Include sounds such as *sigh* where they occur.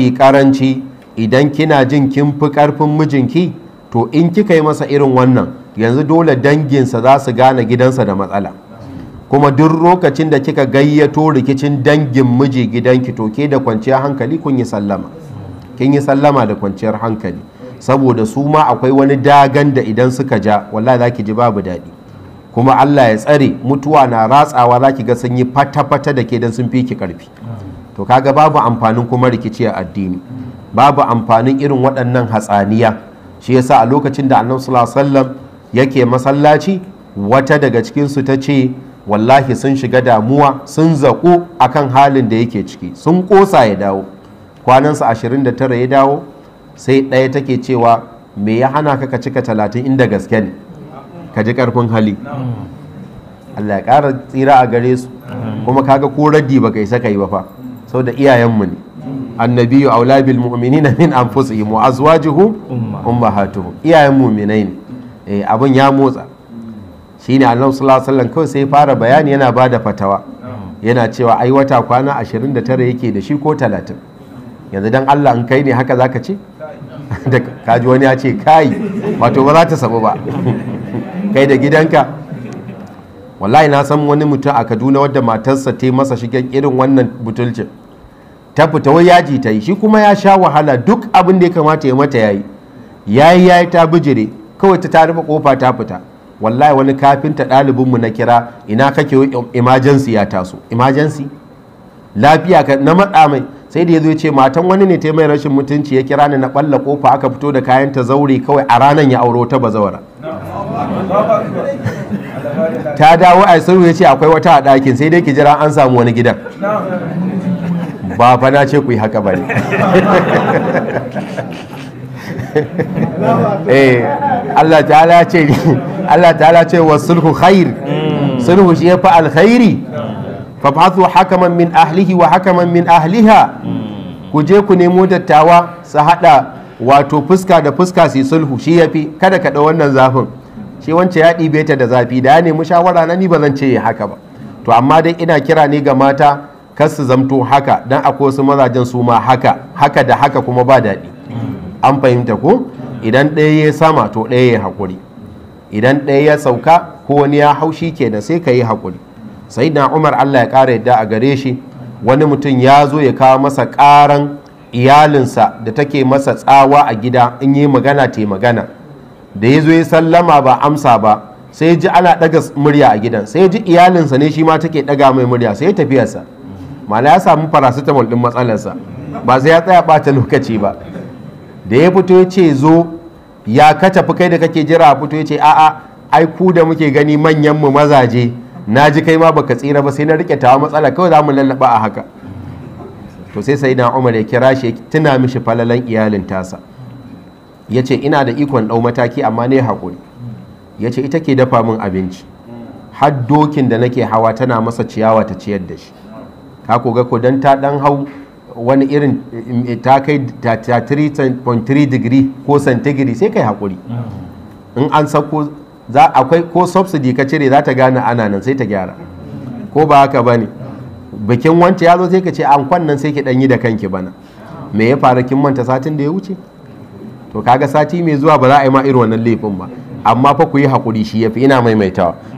fi karanci idan kina jin kin fi karfin mijinki to in kika yi masa irin wannan yanzu dole danginsa za su gane gidansa da matsala kuma duk lokacin da kika gayyato rikicin dangin miji gidanki to ke da kwanciyar hankali kun yi sallama kin yi sallama da kwanciyar hankali saboda su ma akwai wani dagan da idan suka ja wallahi za ki ji babu daɗi kuma Allah ya tsare mutuwa na ratsawa za ki ga sun yi fata-fata da ke don sun fi ki karfi. to kaga babu amfanin kuma rikici a addini babu amfanin irin waɗannan hatsaniya shi yasa a lokacin da annabi sallallahu alaihi wasallam yake masallaci wata daga cikin su ta ce wallahi sun shiga damuwa sun zaƙo akan halin da yake ciki sun ƙosa ya dawo kwanansa tara ya dawo sai ɗaya take cewa me ya hana ka ka cika 30 inda gaske ne ka ji ƙarfin hali Allah ya ƙara tsira a gare su kuma kaga ko raddi baka isa ka yi ba fa sau da iyayenmu ne annabiyu aula bil na min anfusihim wa azwajuhum ummahatuhum iyayen mu'minai ne eh abun ya motsa shine annabi sallallahu alaihi wasallam kawai sai fara bayani yana bada fatawa yana cewa ai wata kwana 29 yake da shi ko 30 yanzu dan Allah in kai ne haka zaka ce *laughs* da kaji wani ya ce kai wato ba za ta sabu ba *laughs* kai da gidanka wallahi na san wani mutum a Kaduna wadda matarsa ta masa shigen irin wannan butulcin ta fita wai yaji ta yi shi kuma ya sha wahala duk abin da ya kamata ya mata yayi yayi yayi ta bijire kawai ta ta rufe kofa ta fita wallahi wani kafinta ɗalibin mu na kira ina kake emergency ya taso emergency lafiya ka na matsa mai sai da yazo zo ya ce matan wani ne ta mai rashin mutunci ya kira ni na balla kofa aka fito da kayan ta zaure kawai a ranan ya auro ta bazawara ta dawo a sauri ya ce akwai wata a ɗakin sai dai ki jira an samu wani gidan ba fa na ce ku yi haka ba ne *laughs* eh, Allah ta'ala ce Allah ta'ala ce wa sulhu khair hmm. sulhu shi khairi hmm. fa bathu hakaman min ahlihi wa hakaman min ahliha hmm. ku je ku nemo dattawa su hada wato fuska da fuska su sulhu shi yafi kada ka da wannan zafin shi wance ya ɗibe ta da zafi da ya nemi shawara na ni ba zan ce haka ba to amma dai ina kira ne ga mata kar su zamto haka dan akwai wasu mazajen su ma haka haka da haka kuma ba daɗi an fahimta ko idan ɗaya ya sama to ɗaya ya haƙuri idan ɗaya ya sauka ko wani ya haushi ke da sai ka yi haƙuri sai na umar allah ya ƙara yadda a gare shi wani mutum ya zo ya kawo masa ƙaran iyalinsa da take masa tsawa a gida in yi magana te magana da ya zo ya sallama ba amsa ba sai ji ana ɗaga murya a gidan sai ji iyalinsa ne shi ma take ɗaga mai murya sai tafiyarsa mana ya samu paracetamol din matsalarsa ba sai ya tsaya ɓata lokaci ba da ya fito ya ce zo ya kaca kai da kake jira a fito ya ce a'a ai ku da muke gani manyan mu mazaje na ji kai ma baka tsira ba sai na rike tawa matsala kawai za lallaba a haka to sai sai na umar ya kira shi tuna mishi falalan iyalin tasa ya ce ina da ikon ɗau mataki amma ne haƙuri ya ce ita ke dafa min abinci har dokin da nake hawa tana masa ciyawa ta ciyar da shi ka koga ko don ta dan hau wani irin eh, ta kai 3.3 digiri ko santigiri sai kai haƙuri in an sauko za akwai ko subsidy ka cire za ta gane ana nan sai ta gyara ko ba haka ba ne bikin wancan ya zo sai ka ce an kwannan sai ki danyi da kanki bana me ya faru kin manta satin da ya wuce to kaga sati mai zuwa ba za a yi ma irin wannan laifin ba amma fa ku yi haƙuri shi ya fi ina maimaitawa